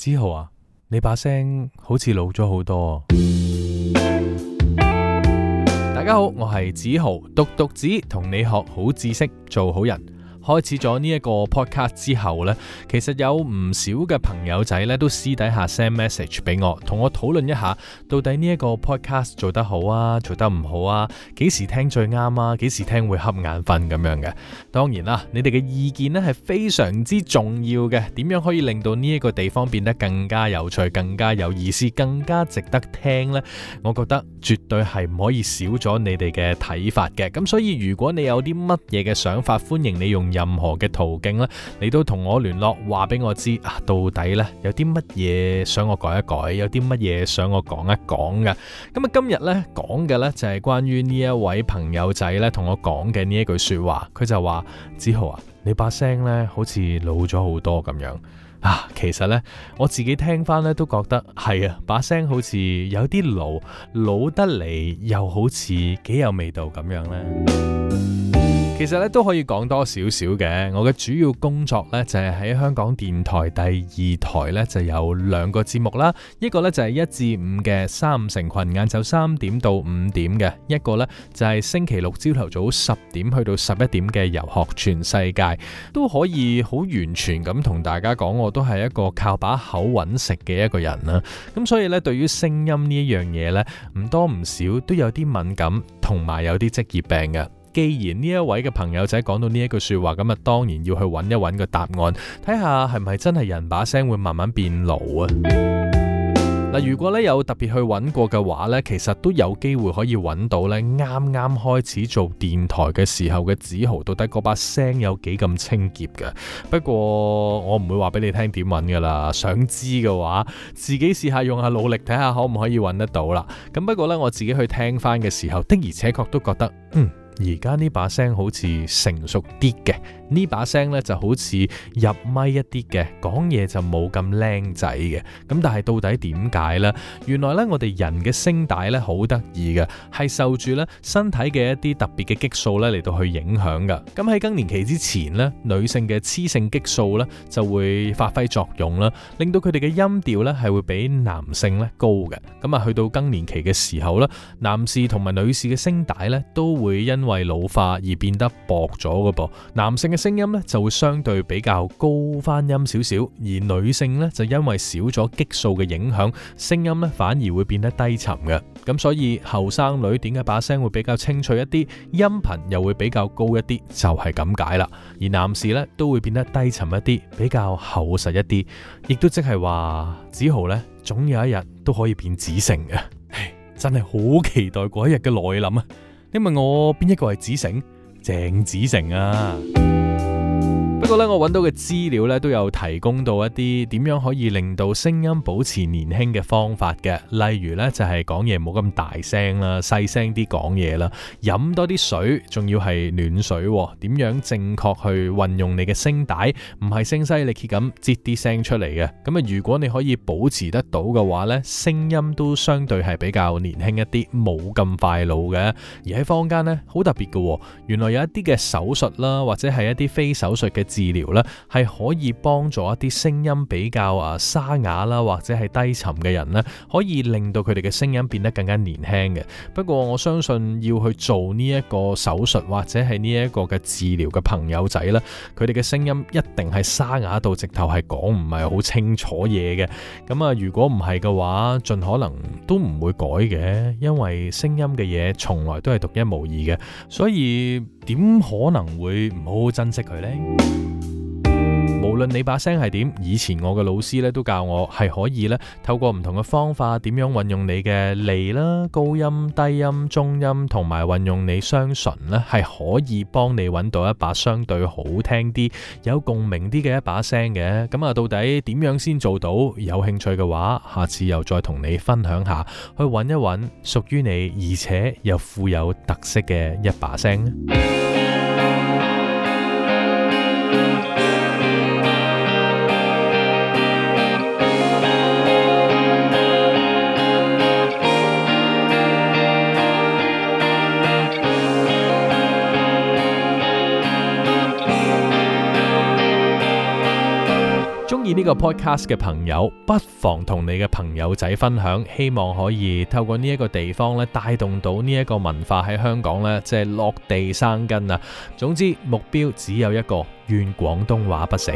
梓豪啊，你把聲好似老咗好多啊。大家好，我係梓豪，獨讀子同你學好知識，做好人。開始咗呢一個 podcast 之後呢，其實有唔少嘅朋友仔呢都私底下 send message 俾我，同我討論一下，到底呢一個 podcast 做得好啊，做得唔好啊，幾時聽最啱啊，幾時聽會瞌眼瞓咁樣嘅。當然啦，你哋嘅意見呢係非常之重要嘅，點樣可以令到呢一個地方變得更加有趣、更加有意思、更加值得聽呢？我覺得絕對係唔可以少咗你哋嘅睇法嘅。咁所以如果你有啲乜嘢嘅想法，歡迎你用。任何嘅途徑咧，你都同我聯絡，話俾我知啊！到底咧有啲乜嘢想我改一改，有啲乜嘢想我講一講㗎。咁啊，今日咧講嘅咧就係關於呢一位朋友仔咧同我講嘅呢一句說話，佢就話：梓豪啊，你把聲咧好似老咗好多咁樣啊！其實咧我自己聽翻咧都覺得係啊，把聲好似有啲老，老得嚟，又好似幾有味道咁樣咧。其實咧都可以講多少少嘅，我嘅主要工作呢，就係喺香港電台第二台呢，就有兩個節目啦，一個呢，就係一至五嘅三五成群晏晝三點到五點嘅，一個呢，就係星期六朝頭早十點去到十一點嘅遊學全世界，都可以好完全咁同大家講，我都係一個靠把口揾食嘅一個人啦。咁所以呢，對於聲音呢一樣嘢呢，唔多唔少都有啲敏感，同埋有啲職業病嘅。既然呢一位嘅朋友仔講到呢一句說話，咁啊，當然要去揾一揾個答案，睇下係唔係真係人把聲會慢慢變老啊？嗱， 如果咧有特別去揾過嘅話呢，其實都有機會可以揾到呢，啱啱開始做電台嘅時候嘅梓豪，到底嗰把聲有幾咁清潔嘅？不過我唔會話俾你聽點揾噶啦，想知嘅話自己試下用下努力，睇下可唔可以揾得到啦。咁不過呢，我自己去聽翻嘅時候，的而且確都覺得，嗯。而家呢把聲好似成熟啲嘅，呢把聲呢就好似入咪一啲嘅，講嘢就冇咁靚仔嘅。咁但係到底點解呢？原來呢，我哋人嘅聲帶呢好得意嘅，係受住呢身體嘅一啲特別嘅激素呢嚟到去影響㗎。咁喺更年期之前呢，女性嘅雌性激素呢就會發揮作用啦，令到佢哋嘅音調呢係會比男性呢高嘅。咁啊，去到更年期嘅時候呢，男士同埋女士嘅聲帶呢都會因為因為老化而變得薄咗嘅噃，男性嘅聲音呢就會相對比較高翻音少少，而女性呢，就因為少咗激素嘅影響，聲音呢反而會變得低沉嘅。咁所以後生女點解把聲會比較清脆一啲，音頻又會比較高一啲，就係咁解啦。而男士呢，都會變得低沉一啲，比較厚實一啲，亦都即係話子豪呢，總有一日都可以變子成嘅，真係好期待嗰一日嘅來臨啊！你問我邊一個係子成？鄭子成啊！不過咧，我揾到嘅資料咧都有提供到一啲點樣可以令到聲音保持年輕嘅方法嘅，例如咧就係講嘢冇咁大聲啦，細聲啲講嘢啦，飲多啲水，仲要係暖水。點樣正確去運用你嘅聲帶，唔係聲嘶力竭咁擠啲聲出嚟嘅。咁啊，如果你可以保持得到嘅話咧，聲音都相對係比較年輕一啲，冇咁快老嘅。而喺坊間呢，好特別嘅、哦，原來有一啲嘅手術啦，或者係一啲非手術嘅。治療咧係可以幫助一啲聲音比較啊沙啞啦，或者係低沉嘅人呢，可以令到佢哋嘅聲音變得更加年輕嘅。不過我相信要去做呢一個手術或者係呢一個嘅治療嘅朋友仔呢，佢哋嘅聲音一定係沙啞到直頭係講唔係好清楚嘢嘅。咁啊，如果唔係嘅話，盡可能都唔會改嘅，因為聲音嘅嘢從來都係獨一無二嘅。所以點可能會唔好好珍惜佢呢？無論你把聲係點，以前我嘅老師咧都教我係可以咧透過唔同嘅方法，點樣運用你嘅脷啦，高音、低音、中音，同埋運用你雙唇咧，係可以幫你搵到一把相對好聽啲、有共鳴啲嘅一把聲嘅。咁啊，到底點樣先做到？有興趣嘅話，下次又再同你分享下，去搵一搵屬於你而且又富有特色嘅一把聲。呢個 podcast 嘅朋友不妨同你嘅朋友仔分享，希望可以透過呢一個地方咧，帶動到呢一個文化喺香港咧，即係落地生根啊！總之目標只有一個，願廣東話不死。